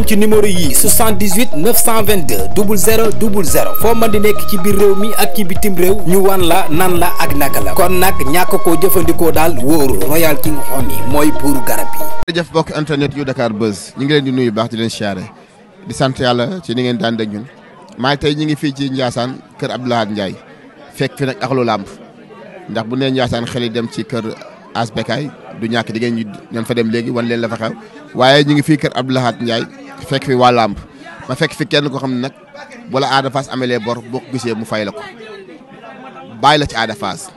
moom ci numéro yii 78 922 00 00 foo mën di nekk ci biir réew mi ak ci bitim réew ñu wan la nan la ak naka la kon nag ñàkk koo jëfandikoo daal wóoru Royal King Honey mooy buuru garab yi. jërëjëf bokk internet yu Dakar Buzz ñu ngi leen di nuyu baax di leen siyaare di sant yàlla ci ni ngeen daan dégg ñun maa tey ñu ngi fii ci Ndiassane kër Abdoulaye Ndiaye fekk fi nag axlu làmb ndax bu nee Ndiassane xel yi dem ci kër Asbekaay du ñàkk di ngeen ñu ñoon fa dem léegi wan leen la fa xew waaye ñu ngi fii kër Abdoulaye Ndiaye fekk fi waa làmb ma fekk fi kenn ko xam ne nag wala Ada Fass amee bor boo ko gisee mu fay la ko bàyyi la ci Ada Fass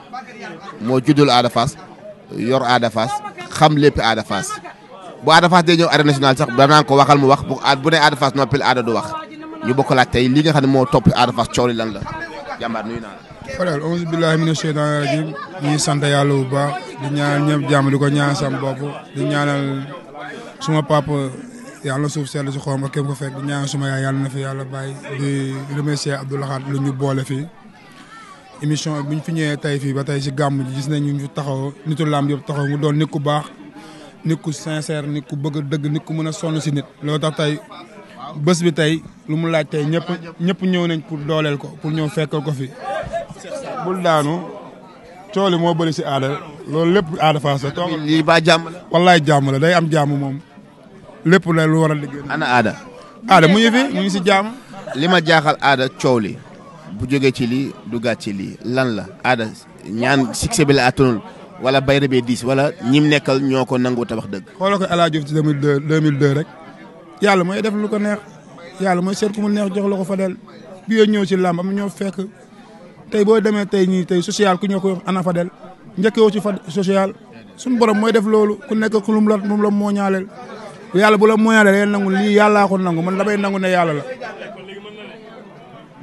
moo juddul Ada Fass yor Ada Fass xam lépp Ada Fass bu Ada Fass dee ñëw arène nationale sax danaa ko waxal mu wax bu bu ne Ada Fass noppil Ada du bokk laaj tey li nga ne moo topp Ada lan la jàmbaar nuyu naa la. frère auzu billahi mina sheytaani rajim ñuy sant yàlla bu baax di ñaanal ñëpp di ko ñaanal sam ñaanal suma papa yàlla na suuf sell si xoom ak kéem ko fekk ñaan suma yaay yàlla na fi yàlla bàyyi di remercier Abdou Lahad lu ñu boole fii émission bi fi ñëwee tey fii ba tey si gàmm ji gis nañ ñu taxaw nitu làmb yëpp taxaw mu doon nit ku baax nit ku sincère nit ku bëgg dëgg nit ku mën a sonn si nit loolu tax tey bés bi tey lu mu laaj tey ñëpp ñëpp ñëw nañ pour dooleel ko pour ñëw fekk ko fi bul daanu cooli moo bëri si aada loolu lépp aada faas la lii baa jàmm la wallaay jàmm day am jàmm moom lépp la lu war a liggéey. ana aada. aada mu ngi mu ngi si jaam. li ma jaaxal aada coow li bu jógee ci li duggaat ci lii lan la aada ñaan succès bi la attanul wala bayre bee diis wala ñim nekkal ñoo ko nangu tabax dëgg. xoolal ko El Hadj Diouf ci 2002 2002 rek yàlla mooy def ko neex yàlla mooy seet mu neex jox la ko fa bi ñëw ci làmb am ñoo fekk tey boo demee tey ñii tey social ku ñoo ko ana fadeel del njëkkee woo ci fa social suñu borom mooy def loolu ku nekk ku lum la moom la moo ñaaleel yàlla bu la moyen da nangu lii yàllaa ko nangu man damay nangu ne yàlla la.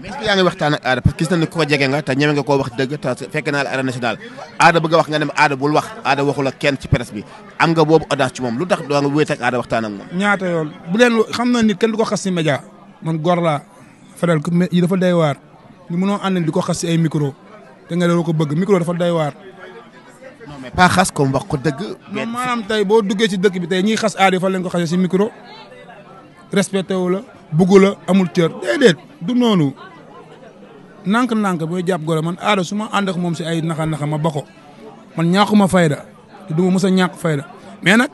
mais ngi waxtaan ak aada parce que gis nañu ne ko jege nga te ñeme nga koo wax dëgg te fekk naa la arène nationale aada bëgg a wax nga dem aada bul wax aada waxul ak kenn ci presse bi am nga boobu audace ci moom lu tax doo nga wéet ak aada moom. ñaata yoon bu leen xam na nit kenn du ko xas si média man gor laa Fadel yi dafa day waar ñu mënoo ànd di ko xas si ay micro te nga doo ko bëgg micro dafa day non mais pas xas ko wax ko dëgg. mais maanaam tey boo duggee ci dëkk bi tey ñiy xas aada fa lañ ko xasee si micro respecté wu la bugg amul cër du noonu nànk-nànk booy jàpp gore man aada su ma ànd ak moom si ay naxa-naxa ma bako man ñàkkuma fayda te du ma mës a ñàkk fayda mais nag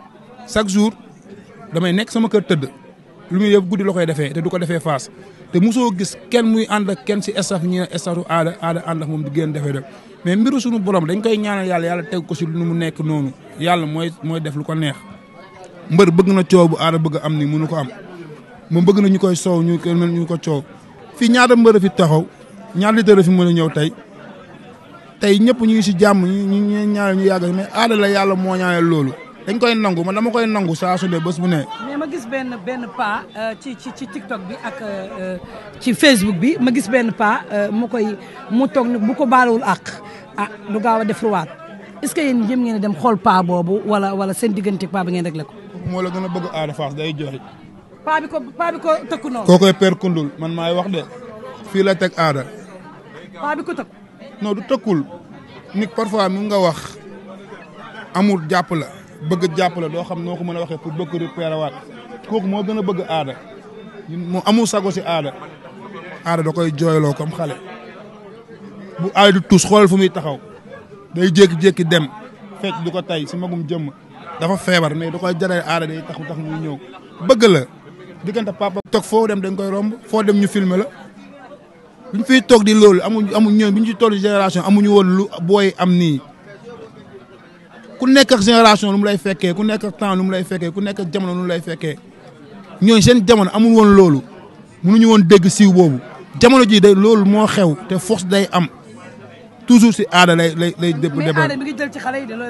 chaque jour damay nekk sama kër tëdd. lu muy yëf guddi la koy defee te du ko defee faas te mosoo gis kenn muy ànd ak kenn si estaf ñi ne estafu aada aada ànd ak moom di génn defee def mais mbiru suñu borom dañ koy ñaanal yàlla yàlla teg ko si lu mu nekk noonu yàlla mooy def lu ko neex mbër bëgg na coow bu aada bëgg am ni mënu ko am moom bëgg na ñu koy soow ñu ko ñu ko coow fii ñaata mbër fi taxaw ñaata litre fi mën a ñëw tey tey ñëpp ñu ngi si jàmm ñu ñu ñaanal ñu yàgg mais aada la yàlla moo ñaanal loolu dañ koy nangu man dama koy nangu saa su ne bés bu ne. mais ma gis benn benn pas euh, ci ci ci TikTok bi ak euh, euh, ci Facebook bi ma gis benn pas mu koy mu toog bu ko baaluwul àq ah du gaaw a def ruwaat est-ce que yéen jëm ngeen dem xool pas boobu wala wala seen diggante pas bi ngeen réglé ko. moo la gën a bëgg Ada Fass day joxe. paa bi ko paa bi ko tëkku koo koy per kundul man maay wax de fii la teg aada. paa bi ko tëkk. non du tëkkul nit parfois mun nga wax amul jàpp la. bëgg jàppale doo xam noo ko mën a waxee pour bëgg récupéré waat kooku moo gën a bëgg aada moo amul sago si aada aada doo koy jooyloo comme xale bu aay du tus xoolal fu muy taxaw day jékki-jékki dem fekk du ko tay si magum jëmm dafa feebar mais da koy jaree aada day tax tax muy ñëw bëgg la diggante papa toog foo dem dañ koy romb foo dem ñu filmer la buñ fiy toog di loolu amuñ amuñ ñoom bi ñu ci toll génération amuñu woon lu booy am nii ku nekk génération lu mu lay fekkee ku nekk ak temps lu mu lay fekkee ku nekk jamono lay fekkee ñooñu seen jamono amul woon loolu mënuñu woon dégg siiw boobu jamono ji day loolu moo xew te force day am toujours si aada lay lay lay. dé mais aada ci xale yi dañoo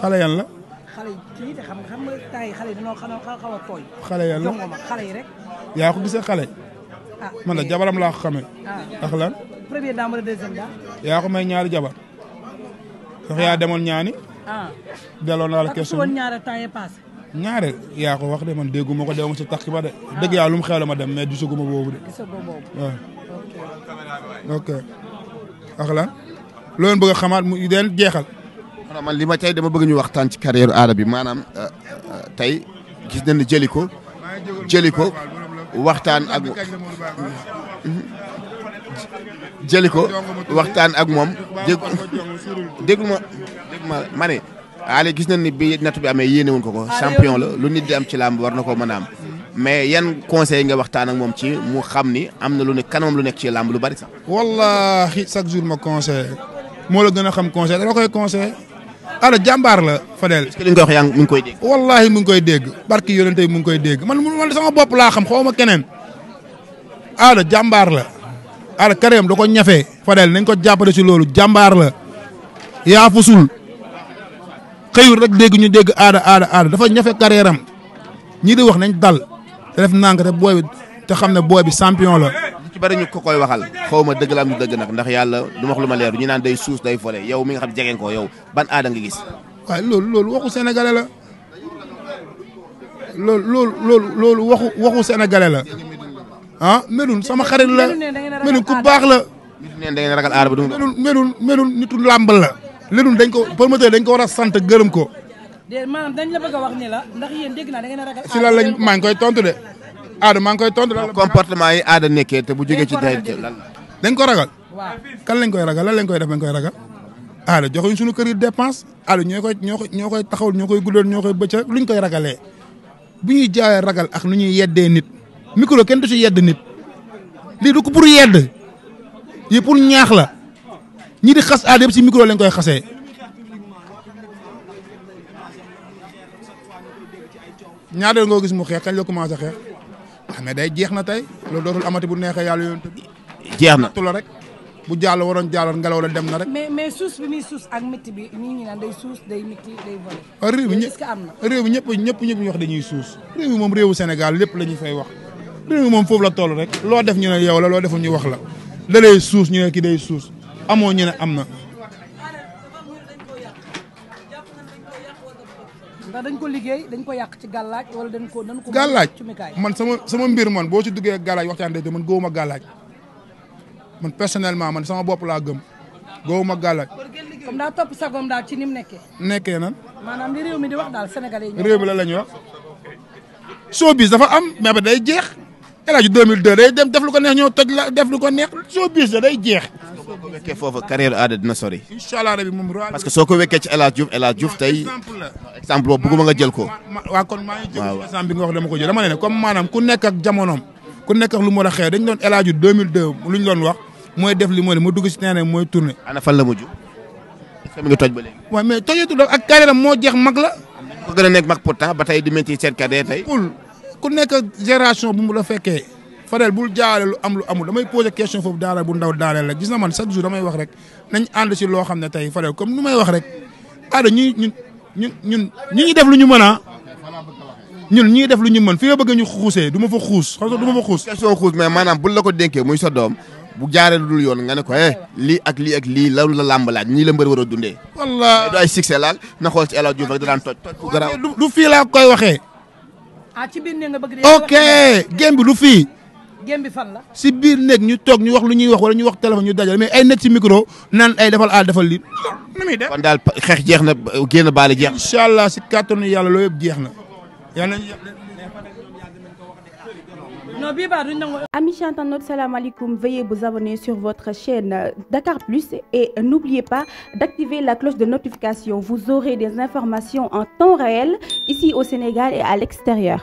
xale yan la. xale yi xam xale yi dañoo xaw a tooy. Ah, man da jabaram laa ko xamee. Ah. ndax lan. premier dame may ñaari jabar. ndax yaa demoon ñaani. ah delloo naa la question ñaare yaa ko wax de man déggu ma ko déggu ma si takk ba de. Ah. dëgg yàlla lu mu xew ma dem mais gisagu ma boobu de. gisagu ah. ok. wax la loolu bëgg a xamaat mu den jeexal. maanaam man li ma tey dama bëgg ñu waxtaan ci carrière aada bi maanaam euh, euh, tey gis nañu ne jëli ko. jëli ko waxtaan ak. jëli ko waxtaan ak moom dégg déglu ma déglu ma ma ne Ali gis nañ ni bi natt bi amee yéene wuñ ko ko champion la lu nit di ci làmb war na ko mën a am mais yan conseil nga waxtaan ak moom ci mu xam ni am na lu ne kanamam lu nekk ci làmb lu bari sax. wallahi chaque jour ma conseil moo la gën a xam conseil dama koy conseil ala jàmbaar la Fadel. est-ce que li nga wax mu ngi koy dégg. wallaahi mu ngi koy dégg barke yonente mu ngi koy dégg man man sama bopp laa xam xaw ma keneen ala jàmbaar la. ar kareem da ko ñafee Fadel nañ ko jàppale si loolu jàmbaar la yaa fusul xëyul rek dégg ñu dégg aada aada aada dafa ñafe carrière am ñii di wax nañ dal te def nànk te booy bi te xam ne booy bi champion la. ñu ci bari ñu ko koy waxal xaw ma dëgg la am dëgg nag ndax yàlla du wax lu ma leer ñu naan dey suus day fole yow mi nga xam jege ko yow ban aada nga gis. waaye loolu loolu waxu sénégalais la loolu loolu loolu waxu waxu sénégalais la. ah melul sama xarit la melul ku baax la. neen da ngeen ragal aar ba du melul melul melul nitu làmb la. lenul dañ ko promoteur dañ ko war a sant gërëm ko. de maanaam dañ la bëgg a wax ni la ndax yéen dégg naa ragal. si lan lañ maa ngi koy tontu de. aada maa ngi koy tontu lan comportement yi aada nekkee te bu jógee ci day lan dañ ko ragal. waaw kan lañ koy ragal lan lañ koy def dañ koy ragal. aada joxuñ suñu kër yi dépense aada ñoo koy ñoo koy ñoo koy taxawul ñoo koy guddoon ñoo koy koy ragalee bu ñuy jaayee ragal ak nu ñuy yeddee nit. micro kenn du ci yedd nit lii du ko pour yedd yi pour ñaax la ñi di xas aada yëpp ci micro lañ koy xasee. ñaareel nga gis mu xeex kañ la commencé xeex ah mais day jeex na tey loolu dootul amati bu neexee yàlla yoon jeex na la rek bu jàll waroon jàlloon ngelaw la dem na rek. mais mais suus bi muy suus ak métti bi nit ñi day suus day métti day volé. Ah, réew mi ñëpp réew mi ñëpp ñëpp ñëpp ñu wax dañuy suus. réew mi moom réewu Sénégal lépp la ñu fay wax. réew moom foofu la toll rek loo def ñu ne yow la loo deful ñu wax la da lay suus ñu ne ki day suus amoo ñu ne am na. ndax dañ ko liggéey dañ ko yàq ci gàllaaj wala dañ ko dañ ko. gàllaaj man sama sama mbir man boo ci duggee gàllaaj waxtaan day man góobu ma gàllaaj man personnellement man sama bopp laa gëm góobu ma gàllaaj. comme daa topp sagoom daal ci ni nekkee. nekkee nan. maanaam li réew mi di wax daal sénégalais yi. réew mi la la ñuy wax showbiz dafa am mais ba day jeex. El Hadj 2002 day dem def lu ko neex ñëw toj la def lu soo bis da day jeex. Ah, soo ko foofu carrière aada dina sori. incha allah rabi moom parce que soo ko wekkee ci El exemple boobu bëgguma ko. waaw kon maa ngi jël exemple bi wax dama ko jël dama ne ne comme maanaam ku nekk ak jamonoom ku nekk ak lu mu war a xew dañu doon El Hadj 2002 wax mooy def li moo ne mu dugg si terrain mooy tourné. ana fan la nga toj ba léegi. waaw mais moo jeex mag a nekk mag pourtant ba tey di ku nekk génération bu mu la fekkee Fadel bul jaale lu am lu amul damay poser question foobu daara bu ndaw daaneel la gis na man chaque jour damay wax rek nañ ànd si loo xam ne tey Fadel comme nu may wax rek aada ñuy ñun ñun ñun ñu ngi def lu ñu mën a ñun ñi def lu ñu mën fi nga bëgg ñu xuusee du ma fa xuus xam du ma fa xuus. question xuus mais maanaam bul la ko dénkee muy sa doom bu jaaree lu dul yoon nga ne ko eh lii ak lii ak lii lan la làmb ñi la mbër war a dundee. wallaahi du ay succès laal na xool ci El Hadj Diouf rek da daan toj. toj du fii laa koy waxee. ah ci biir néeg nga bëgg ok gém bi lu fii. gém bi fan la. si biir néeg ñu toog ñu wax lu ñuy wax wala ñu wax téléphone ñu dajal mais ay nekk ci mikro naan ay defal aal defal li nu muy def daal xeex jeex na génn baale jeex. incha allah si kàttanu yàlla loo yëpp jeex na. yàlla nañu non bii baax duñ nangu. amis chantanot salaamaaleykum veuillez vous abonner sur votre chaîne Dakar Plus et n'oubliez pas d'activer la cloche de notification vous aurez des informations en temps réel ici au Sénégal et à l'extérieur